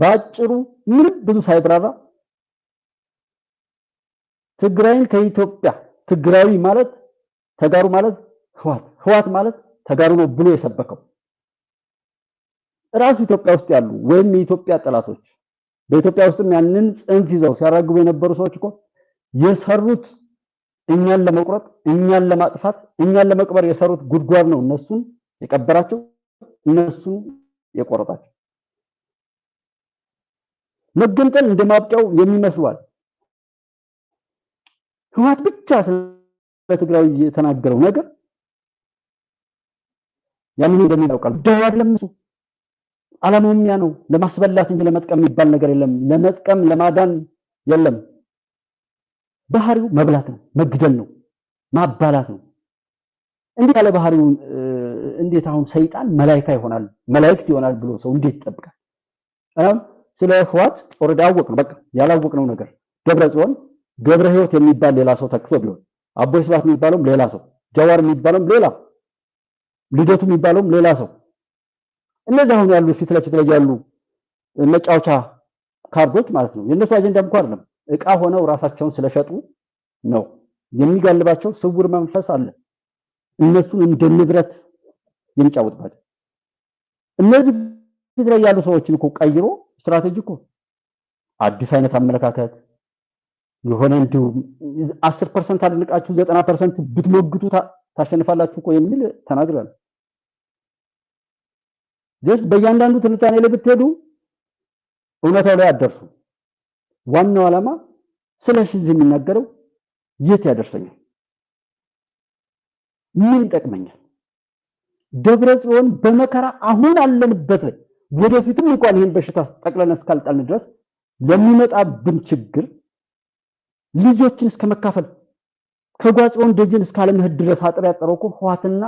በአጭሩ ምንም ብዙ ሳይብራራ ትግራይን ከኢትዮጵያ ትግራዊ ማለት ተጋሩ ማለት ህዋት ህዋት ማለት ተጋሩ ነው ብሎ የሰበከው እራሱ ኢትዮጵያ ውስጥ ያሉ ወይም የኢትዮጵያ ጠላቶች በኢትዮጵያ ውስጥም ያንን ጽንፍ ይዘው ሲያራግቡ የነበሩ ሰዎች እኮ የሰሩት እኛን ለመቁረጥ እኛን ለማጥፋት እኛን ለመቅበር የሰሩት ጉድጓድ ነው እነሱን የቀበራቸው እነሱን የቆረጣቸው መገንጠል ማብቂያው የሚመስሏል። ህወሓት ብቻ ስለ የተናገረው ነገር ያንን እንደሚያውቃል ደው አይደለም እሱ ያ ነው። ለማስበላት እንጂ ለመጥቀም የሚባል ነገር የለም። ለመጥቀም ለማዳን የለም። ባህሪው መብላት ነው፣ መግደል ነው፣ ማባላት ነው። እንዴት ያለ ባህሪው እንዴት አሁን ሰይጣን መላይካ ይሆናል መላይክት ይሆናል ብሎ ሰው እንዴት ይጠብቃል? ስለ ህዋት ኦልሬዲ አወቅን። በቃ ያላወቅነው ነገር ገብረ ጽዮን ገብረ ህይወት የሚባል ሌላ ሰው ተክቶ ቢሆን አቦይ ስብሐት የሚባለውም ሌላ ሰው፣ ጀዋር የሚባለውም ሌላ፣ ልደቱ የሚባለውም ሌላ ሰው እነዚህ አሁን ያሉ ፊት ለፊት ላይ ያሉ መጫወቻ ካርዶች ማለት ነው። የእነሱ አጀንዳ እንኳ አይደለም። እቃ ሆነው ራሳቸውን ስለሸጡ ነው የሚጋልባቸው። ስውር መንፈስ አለ እነሱን እንደ ንብረት የሚጫወጥባቸው እነዚህ ፊት ላይ ያሉ ሰዎችን እኮ ቀይሮ ስትራቴጂ እኮ አዲስ አይነት አመለካከት የሆነ እንዲሁ አስር ፐርሰንት አድንቃችሁ ዘጠና ፐርሰንት ብትሞግቱ ታሸንፋላችሁ እኮ የሚል ተናግረን ጀስት በእያንዳንዱ ትንታኔ ላይ ብትሄዱ እውነታው ላይ አደርሱ። ዋናው ዓላማ ስለ ሽዝ የሚናገረው የት ያደርሰኛል፣ ምን ይጠቅመኛል፣ ደብረ ጽዮን በመከራ አሁን አለንበት ላይ ወደፊትም እንኳን ይህን በሽታ ጠቅለን እስካልጣልን ድረስ ለሚመጣብን ችግር ልጆችን እስከ መካፈል ከጓጽዮን ደጅን እስከ ድረስ አጥር ያጠረው እኮ ህዋትና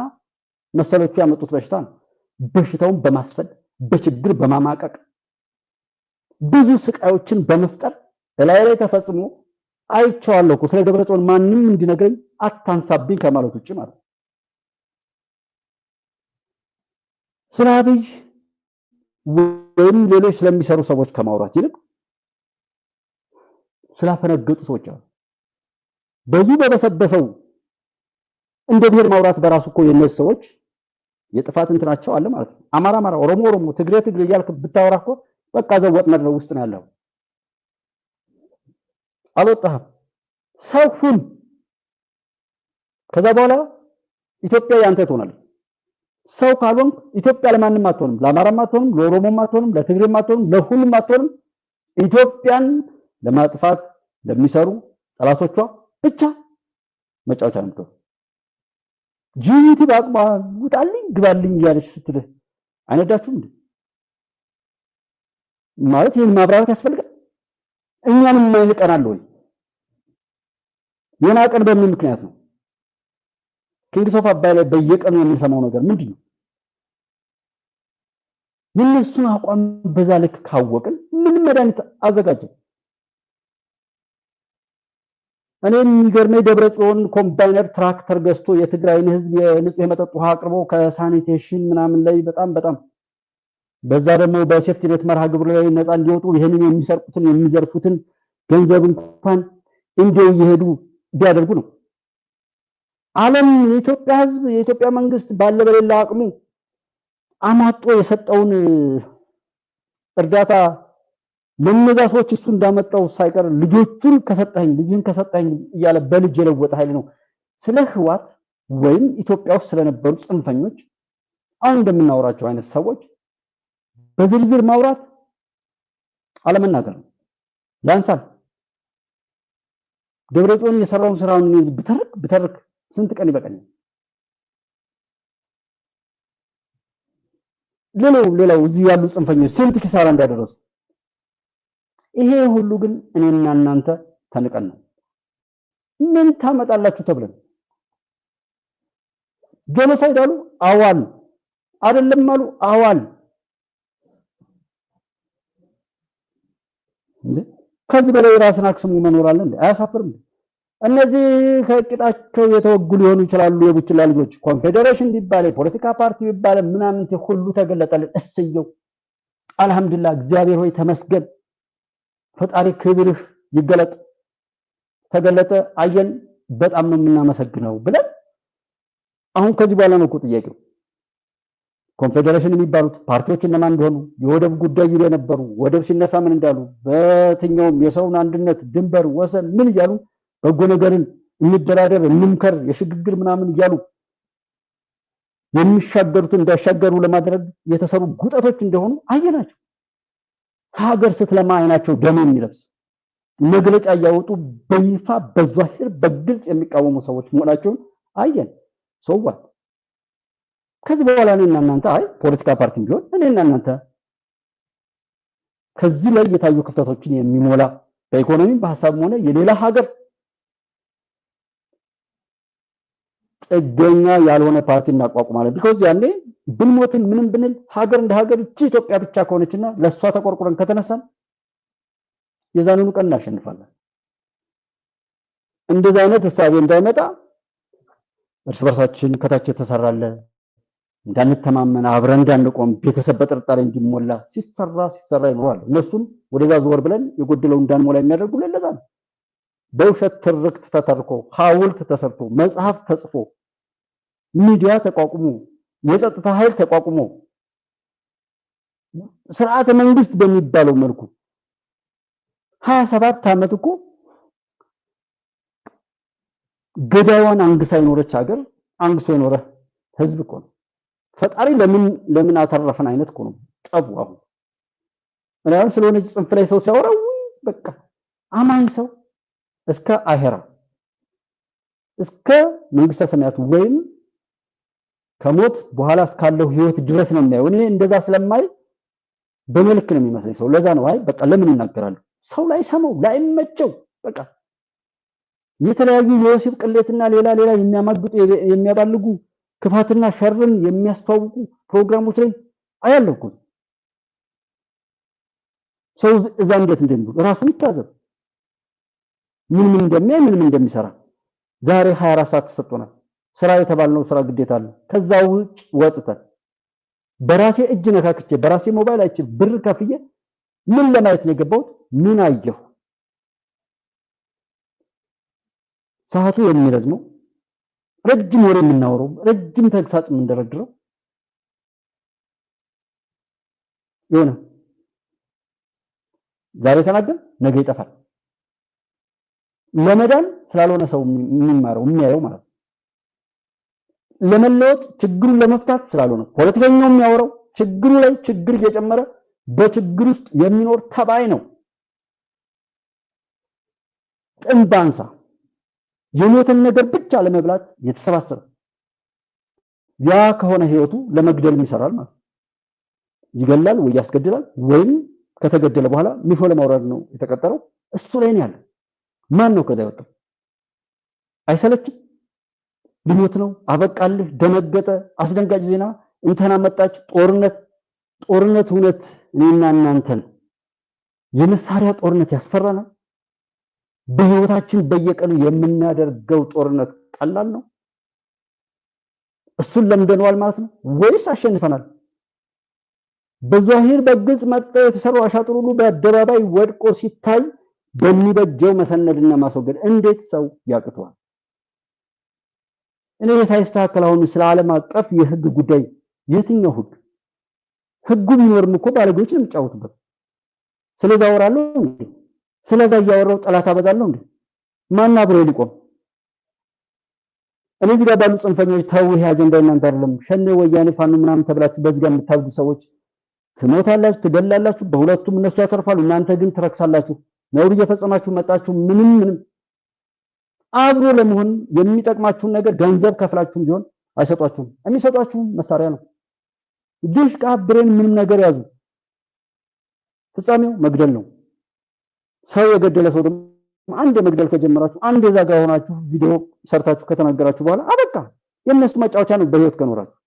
መሰሎቹ ያመጡት በሽታ ነው። በሽታውን በማስፈል በችግር በማማቀቅ ብዙ ስቃዮችን በመፍጠር እላይ ላይ ተፈጽሞ አይቼዋለሁ እኮ ስለ ደብረ ጽዮን ማንም እንዲነግረኝ አታንሳብኝ ከማለት ውጭ ማለት ስለ አብይ ወይም ሌሎች ስለሚሰሩ ሰዎች ከማውራት ይልቅ ስላፈነገጡ ሰዎች አሉ። በዚህ በበሰበሰው እንደ ብሔር ማውራት በራሱ እኮ የነዚህ ሰዎች የጥፋት እንትናቸው አለ ማለት ነው። አማራ አማራ፣ ኦሮሞ ኦሮሞ፣ ትግሬ ትግሬ እያልክ ብታወራ እኮ በቃ ዘው ወጥመድ ነው ውስጥ ነው ያለው። አልወጣህም። ሰው ሁን። ከዛ በኋላ ኢትዮጵያ ያንተ ትሆናለች። ሰው ካልሆንክ ኢትዮጵያ ለማንም አትሆንም። ለአማራም አትሆንም፣ ለኦሮሞም አትሆንም፣ ለትግሬም አትሆንም፣ ለሁሉም አትሆንም። ኢትዮጵያን ለማጥፋት ለሚሰሩ ጠላቶቿ ብቻ መጫወቻ ነው። ጂቡቲ በአቅሟ ውጣልኝ ግባልኝ እያለች ስትልህ አይነዳችሁም እንዴ? ማለት ይህን ማብራራት ያስፈልጋል። እኛንም የማይንቀናል ወይ የናቀን በምን ምክንያት ነው? ኪንግስ ኦፍ አባይ ላይ በየቀኑ የምንሰማው ነገር ምንድን ነው? የእነሱን አቋም በዛ ልክ ካወቅን ምን መድኃኒት አዘጋጀ? እኔ የሚገርመኝ ደብረ ጽዮን ኮምባይነር ትራክተር ገዝቶ የትግራይን ህዝብ የንጹህ የመጠጥ ውሃ አቅርቦ ከሳኒቴሽን ምናምን ላይ በጣም በጣም በዛ ደግሞ በሴፍቲኔት መርሃ ግብር ላይ ነፃ እንዲወጡ ይህንን የሚሰርቁትን የሚዘርፉትን ገንዘብ እንኳን እንዲው እየሄዱ ቢያደርጉ ነው ዓለም የኢትዮጵያ ሕዝብ የኢትዮጵያ መንግስት ባለ በሌላ አቅሙ አማጦ የሰጠውን እርዳታ ለነዛ ሰዎች እሱ እንዳመጣው ሳይቀር ልጆቹን ከሰጠኝ ልጅን ከሰጠኝ እያለ በልጅ የለወጠ ኃይል ነው። ስለ ህዋት ወይም ኢትዮጵያ ውስጥ ስለነበሩ ጽንፈኞች አሁን እንደምናወራቸው አይነት ሰዎች በዝርዝር ማውራት አለመናገር ነው። ያንሳል። ደብረጽዮን የሰራውን ስራውን ብተርክ ብተርክ ስንት ቀን ይበቃኛል? ሌላው ሌላው እዚህ ያሉ ጽንፈኞች ስንት ኪሳራ እንዳደረሱ ይሄ ሁሉ ግን እኔና እናንተ ተንቀን ነው። ምን ታመጣላችሁ ተብለን ጄኖሳይድ አሉ አዋል አይደለም አሉ አዋል ከዚህ በላይ ራስን አክስሙ መኖር አለ እንዴ? አያሳፍርም? እነዚህ ከቂጣቸው የተወጉ ሊሆኑ ይችላሉ። የቡችላ ልጆች ኮንፌዴሬሽን ቢባል የፖለቲካ ፓርቲ ቢባል ምናምን ሁሉ ተገለጠልን። እስየው አልሐምዱላ እግዚአብሔር ሆይ ተመስገን፣ ፈጣሪ ክብርህ ይገለጥ። ተገለጠ፣ አየን፣ በጣም ነው የምናመሰግነው ብለን አሁን ከዚህ በኋላ ነው እኮ ጥያቄው ኮንፌዴሬሽን የሚባሉት ፓርቲዎች እነማን እንደሆኑ የወደብ ጉዳይ ይሉ የነበሩ ወደብ ሲነሳ ምን እንዳሉ በየትኛውም የሰውን አንድነት ድንበር፣ ወሰን ምን እያሉ በጎ ነገርን እንደራደር፣ እንምከር፣ የሽግግር ምናምን እያሉ የሚሻገሩትን እንዳሻገሩ ለማድረግ የተሰሩ ጉጠቶች እንደሆኑ አየናቸው። ሀገር ስትለማ አይናቸው ደም የሚለብስ መግለጫ እያወጡ በይፋ በዟሂር በግልጽ የሚቃወሙ ሰዎች መሆናቸውን አየን። ሰዋል ከዚህ በኋላ እኔና እናንተ አይ ፖለቲካ ፓርቲም ቢሆን እኔና እናንተ ከዚህ ላይ የታዩ ክፍተቶችን የሚሞላ በኢኮኖሚም በሀሳብም ሆነ የሌላ ሀገር ጥገኛ ያልሆነ ፓርቲ እናቋቁማለን። ቢኮዝ ያኔ ብንሞትን ምንም ብንል ሀገር እንደ ሀገር እቺ ኢትዮጵያ ብቻ ከሆነችና ለእሷ ተቆርቁረን ከተነሳን የዛንኑ ቀን እናሸንፋለን። እንደዚህ አይነት እሳቤ እንዳይመጣ እርስ በርሳችን ከታች የተሰራለ እንዳንተማመን አብረን እንዳንቆም ቤተሰብ በጥርጣሬ እንዲሞላ ሲሰራ ሲሰራ ይኖራል። እነሱም ወደዛ ዞር ብለን የጎደለው እንዳንሞላ የሚያደርጉ ለዛ ነው። በውሸት ትርክት ተተርኮ ሐውልት ተሰርቶ መጽሐፍ ተጽፎ ሚዲያ ተቋቁሞ የጸጥታ ኃይል ተቋቁሞ ስርዓተ መንግስት በሚባለው መልኩ ሀያ ሰባት ዓመት እኮ ገዳዋን አንግሳ የኖረች ሀገር አንግሶ የኖረ ህዝብ እኮ ነው። ፈጣሪ ለምን ለምን አተረፈን አይነት እኮ ነው ጠቡ። አሁን ስለሆነች ጽንፍ ላይ ሰው ሲያወራው በቃ አማኝ ሰው እስከ አሄራ እስከ መንግስተ ሰማያት ወይም ከሞት በኋላ እስካለው ህይወት ድረስ ነው የሚያየው። እኔ እንደዛ ስለማይ በመልክ ነው የሚመስለኝ ሰው። ለዛ ነው አይ በቃ ለምን ይናገራሉ? ሰው ላይ መቸው በቃ የተለያዩ የወሲብ ቅሌትና ሌላ ሌላ የሚያማግጡ የሚያባልጉ ክፋትና ሸርን የሚያስተዋውቁ ፕሮግራሞች ላይ አያለሁ እኮ ሰው እዛ እንዴት እንደሚሉ ራሱን ይታዘብ። ምን ምን እንደሚያይ ምን ምን እንደሚሰራ ዛሬ 24 ሰዓት ተሰጥቶናል። ስራ የተባልነው ስራ ግዴታ አለ። ከዛ ውጭ ወጥተን በራሴ እጅ ነካክቼ በራሴ ሞባይል አይቼ ብር ከፍዬ ምን ለማየት ነው የገባሁት? ምን አየሁ? ሰዓቱ የሚረዝመው ረጅም ወሬ የምናወረው ረጅም ተግሳጽ የምንደረድረው ይሆናል። ዛሬ ተናገር ነገ ይጠፋል። ለመዳን ስላልሆነ ሰው የሚማረው የሚያየው ማለት ነው። ለመለወጥ ችግሩን ለመፍታት ስላልሆነ ፖለቲከኛው የሚያወራው ችግሩ ላይ ችግር እየጨመረ በችግር ውስጥ የሚኖር ተባይ ነው። ጥንብ አንሳ ነገር ብቻ ለመብላት የተሰባሰበ ያ ከሆነ ህይወቱ ለመግደልም ይሰራል ማለት ነው። ይገላል ወይ ያስገድላል ወይም ከተገደለ በኋላ ንሾ ለማውረድ ነው የተቀጠረው። እሱ ላይ ነው ያለው። ማን ነው ከዛ ያወጣው? አይሰለችም? ሊሞት ነው፣ አበቃልህ፣ ደነገጠ፣ አስደንጋጭ ዜና፣ እንተና መጣች፣ ጦርነት። ጦርነት እውነት እኔና እናንተን የመሳሪያ ጦርነት ያስፈራናል። በህይወታችን በየቀኑ የምናደርገው ጦርነት ቀላል ነው። እሱን ለምደነዋል ማለት ነው ወይስ አሸንፈናል? በዛሂር በግልጽ መጥተው የተሰሩ አሻጥር ሁሉ በአደባባይ ወድቆ ሲታይ በሚበጀው መሰነድና ማስወገድ እንዴት ሰው ያቅተዋል? እኔ ሳይስተካከል አሁን ስለ ዓለም አቀፍ የህግ ጉዳይ የትኛው ህግ ህጉ ቢኖርም እኮ ባለጌዎች ነው የሚጫወቱበት። ስለዛ አወራለሁ እንዴ? ስለዛ እያወራው ጠላት አበዛለሁ እንዴ? ማን አብሮ ሊቆም? እኔ እዚህ ጋር ባሉ ጽንፈኞች ተው፣ ይሄ አጀንዳ እናንተ አይደለም። ሸኔ፣ ወያኔ፣ ፋኖ ምናምን ተብላችሁ በዚህ ጋር የምታብዱ ሰዎች ትሞታላችሁ፣ ትገላላችሁ። በሁለቱም እነሱ ያተርፋሉ፣ እናንተ ግን ትረክሳላችሁ። ነውር እየፈጸማችሁ መጣችሁ። ምንም ምንም አብሮ ለመሆን የሚጠቅማችሁን ነገር ገንዘብ ከፍላችሁም ቢሆን አይሰጧችሁም። የሚሰጧችሁ መሳሪያ ነው። ዱሽቃ፣ ብሬን፣ ምንም ነገር ያዙ። ፍጻሜው መግደል ነው። ሰው የገደለ ሰው ደግሞ አንድ መግደል ከጀመራችሁ አንድ የዛ ጋር ሆናችሁ ቪዲዮ ሰርታችሁ ከተናገራችሁ በኋላ አበቃ። የእነሱ መጫወቻ ነው። በህይወት ከኖራችሁ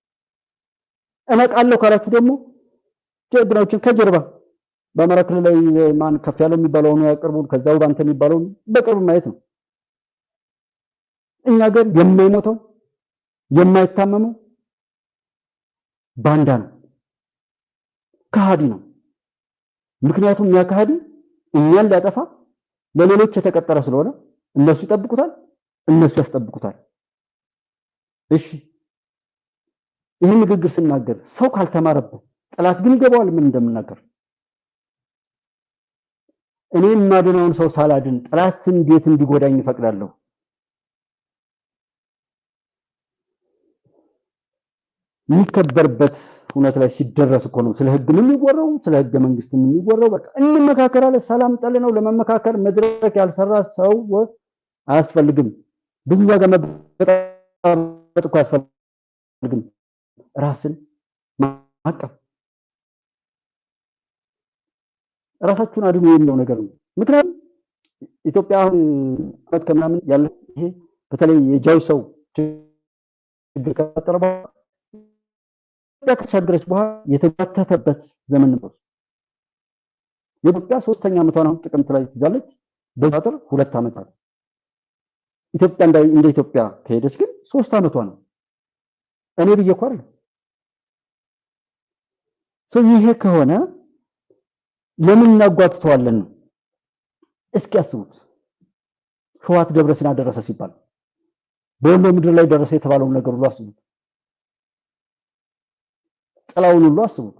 እነቃለሁ ካላችሁ ደግሞ ጀግናዎችን ከጀርባ በአማራ ክልል ላይ ማን ከፍ ያለው የሚባለውን ያቅርቡ፣ ከዛው ባንተ የሚባለውን በቅርብ ማየት ነው። እኛ ግን የማይሞተው የማይታመመው ባንዳ ነው፣ ከሃዲ ነው። ምክንያቱም ያ ከሃዲ እኛን ሊያጠፋ ለሌሎች የተቀጠረ ስለሆነ እነሱ ይጠብቁታል፣ እነሱ ያስጠብቁታል። እሺ ይህን ንግግር ስናገር ሰው ካልተማረበት ጠላት ግን ይገባዋል ምን እንደምናገር እኔ የማድነውን ሰው ሳላድን ጥላት እንዴት እንዲጎዳኝ እፈቅዳለሁ? የሚከበርበት እውነት ላይ ሲደረስ እኮ ነው ስለ ህግም የሚወራው ስለ ህገ መንግስትም የሚወራው። በቃ እንመካከራለን። ሰላም ጠል ነው። ለመመካከር መድረክ ያልሰራ ሰው አያስፈልግም። ብዙ ጋር መበጣበጥ እኮ አያስፈልግም። ራስን ማቀፍ ራሳችሁን አድኑ የሚለው ነገር ነው። ምክንያቱም ኢትዮጵያ አሁን ት ከምናምን ያለ ይሄ በተለይ የጃዊ ሰው ችግር ከፈጠረ በኋላ ከተሻገረች በኋላ የተጓተተበት ዘመን ነበር። የኢትዮጵያ ሶስተኛ ዓመቷን አሁን ጥቅምት ላይ ትይዛለች። በዛ ጥር ሁለት ዓመት ኢትዮጵያ እንደ ኢትዮጵያ ከሄደች ግን ሶስት ዓመቷ ነው። እኔ ብዬ ኳር ይሄ ከሆነ ለምን እናጓትተዋለን ነው። እስኪ ያስቡት። ህወሓት ደብረ ሲና ደረሰ ሲባል በወሎ ምድር ላይ ደረሰ የተባለውን ነገር ሁሉ አስቡት። ጥላውን ሁሉ አስቡት።